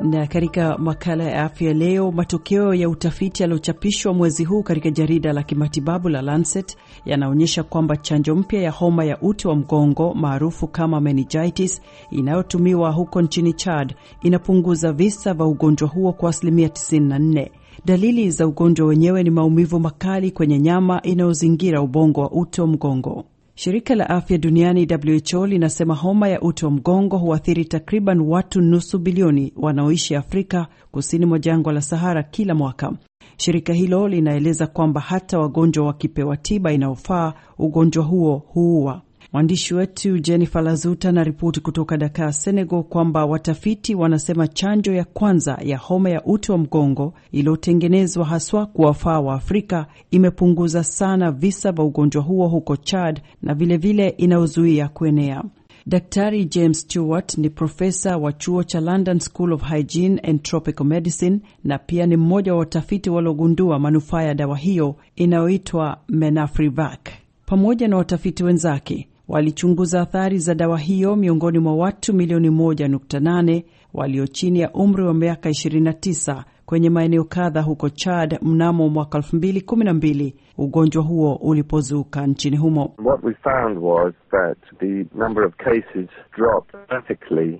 Na katika makala ya afya leo, matokeo ya utafiti yaliyochapishwa mwezi huu katika jarida la kimatibabu la Lancet yanaonyesha kwamba chanjo mpya ya homa ya uti wa mgongo maarufu kama meningitis inayotumiwa huko nchini Chad inapunguza visa vya ugonjwa huo kwa asilimia 94. Dalili za ugonjwa wenyewe ni maumivu makali kwenye nyama inayozingira ubongo wa uti wa mgongo. Shirika la afya duniani WHO linasema homa ya uti wa mgongo huathiri takriban watu nusu bilioni wanaoishi Afrika kusini mwa jangwa la Sahara kila mwaka. Shirika hilo linaeleza kwamba hata wagonjwa wakipewa tiba inayofaa, ugonjwa huo huua. Mwandishi wetu Jennifer Lazuta anaripoti kutoka Dakar, Senegal, kwamba watafiti wanasema chanjo ya kwanza ya homa ya uti wa mgongo iliyotengenezwa haswa kuwafaa wa Afrika imepunguza sana visa vya ugonjwa huo huko Chad na vilevile inayozuia kuenea. Daktari James Stewart ni profesa wa chuo cha London School of Hygiene and Tropical Medicine na pia ni mmoja wa watafiti waliogundua manufaa ya dawa hiyo inayoitwa Menafrivac pamoja na watafiti wenzake walichunguza athari za dawa hiyo miongoni mwa watu milioni 1.8 walio chini ya umri wa miaka 29 kwenye maeneo kadha huko Chad mnamo mwaka 2012 ugonjwa huo ulipozuka nchini humo.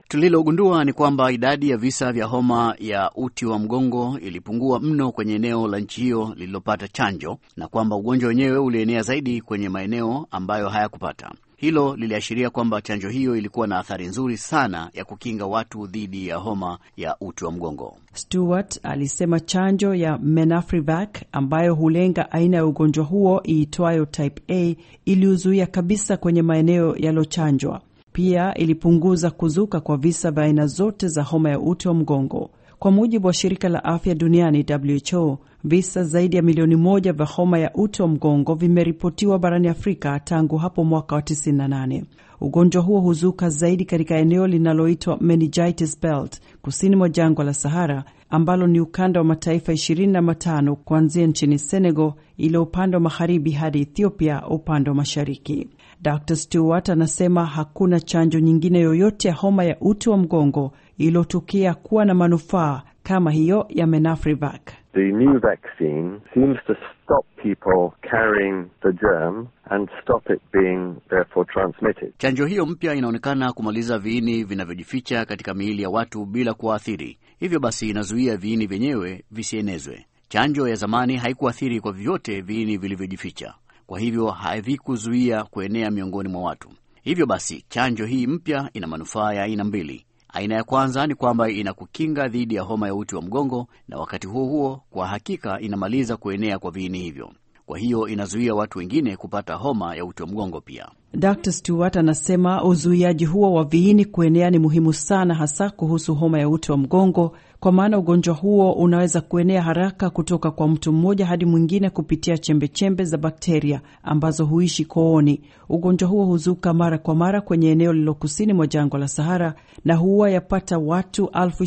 Tulilogundua ni kwamba idadi ya visa vya homa ya uti wa mgongo ilipungua mno kwenye eneo la nchi hiyo lililopata chanjo na kwamba ugonjwa wenyewe ulienea zaidi kwenye maeneo ambayo hayakupata. Hilo liliashiria kwamba chanjo hiyo ilikuwa na athari nzuri sana ya kukinga watu dhidi ya homa ya uti wa mgongo. Stewart alisema chanjo ya Menafrivac ambayo hulenga aina ya ugonjwa huo iitwayo type A iliuzuia kabisa kwenye maeneo yalochanjwa. Pia ilipunguza kuzuka kwa visa vya aina zote za homa ya uti wa mgongo. Kwa mujibu wa shirika la afya duniani WHO, visa zaidi ya milioni moja vya homa ya uti wa mgongo vimeripotiwa barani Afrika tangu hapo mwaka wa 98. Ugonjwa huo huzuka zaidi katika eneo linaloitwa meningitis belt kusini mwa jangwa la Sahara, ambalo ni ukanda wa mataifa 25 kuanzia nchini Senegal iliyo upande wa magharibi hadi Ethiopia upande wa mashariki. Dr Stewart anasema hakuna chanjo nyingine yoyote ya homa ya uti wa mgongo iliyotokea kuwa na manufaa kama hiyo ya Menafrivac. The new vaccine seems to stop people carrying the germ and stop it being therefore transmitted. Chanjo hiyo mpya inaonekana kumaliza viini vinavyojificha katika miili ya watu bila kuwaathiri, hivyo basi inazuia viini vyenyewe visienezwe. Chanjo ya zamani haikuathiri kwa vyote viini vilivyojificha, kwa hivyo havikuzuia kuenea miongoni mwa watu. Hivyo basi chanjo hii mpya ina manufaa ya aina mbili. Aina ya kwanza ni kwamba inakukinga dhidi ya homa ya uti wa mgongo, na wakati huo huo kwa hakika inamaliza kuenea kwa viini hivyo. Kwa hiyo inazuia watu wengine kupata homa ya uti wa mgongo pia. Dr Stewart anasema uzuiaji huo wa viini kuenea ni muhimu sana, hasa kuhusu homa ya uti wa mgongo kwa maana ugonjwa huo unaweza kuenea haraka kutoka kwa mtu mmoja hadi mwingine kupitia chembechembe za bakteria ambazo huishi kooni. Ugonjwa huo huzuka mara kwa mara kwenye eneo lililo kusini mwa jangwa la Sahara na huwa yapata watu elfu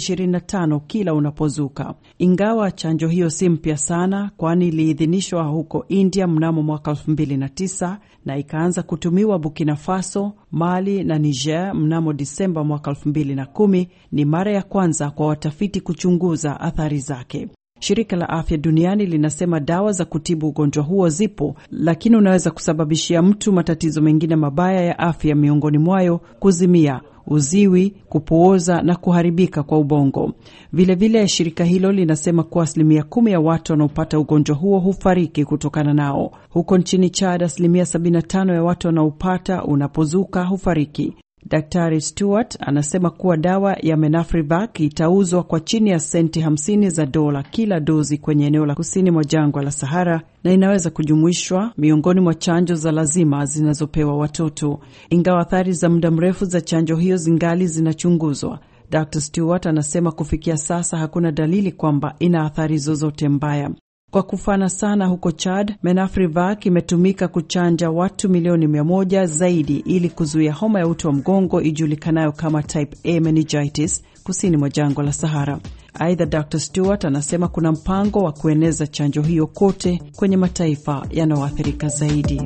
kila unapozuka. Ingawa chanjo hiyo si mpya sana, kwani iliidhinishwa huko India mnamo mwaka na na ikaanza kutumiwa Burkina Faso, Mali na Niger mnamo Disemba mwaka 2010 ni mara ya kwanza kwa watafiti kuchunguza athari zake. Shirika la Afya Duniani linasema dawa za kutibu ugonjwa huo zipo, lakini unaweza kusababishia mtu matatizo mengine mabaya ya afya, miongoni mwayo kuzimia, uziwi, kupooza na kuharibika kwa ubongo. Vilevile vile shirika hilo linasema kuwa asilimia kumi ya watu wanaopata ugonjwa huo hufariki kutokana nao. Huko nchini Chad, asilimia 75 ya watu wanaopata unapozuka hufariki. Daktari Stewart anasema kuwa dawa ya Menafrivac itauzwa kwa chini ya senti 50 za dola kila dozi kwenye eneo la kusini mwa jangwa la Sahara na inaweza kujumuishwa miongoni mwa chanjo za lazima zinazopewa watoto, ingawa athari za muda mrefu za chanjo hiyo zingali zinachunguzwa. Dr Stewart anasema kufikia sasa hakuna dalili kwamba ina athari zozote mbaya. Kwa kufana sana huko Chad, Menafrivac imetumika kuchanja watu milioni mia moja zaidi ili kuzuia homa ya uti wa mgongo ijulikanayo kama type A meningitis kusini mwa jangwa la Sahara. Aidha, Dr Stewart anasema kuna mpango wa kueneza chanjo hiyo kote kwenye mataifa yanayoathirika zaidi.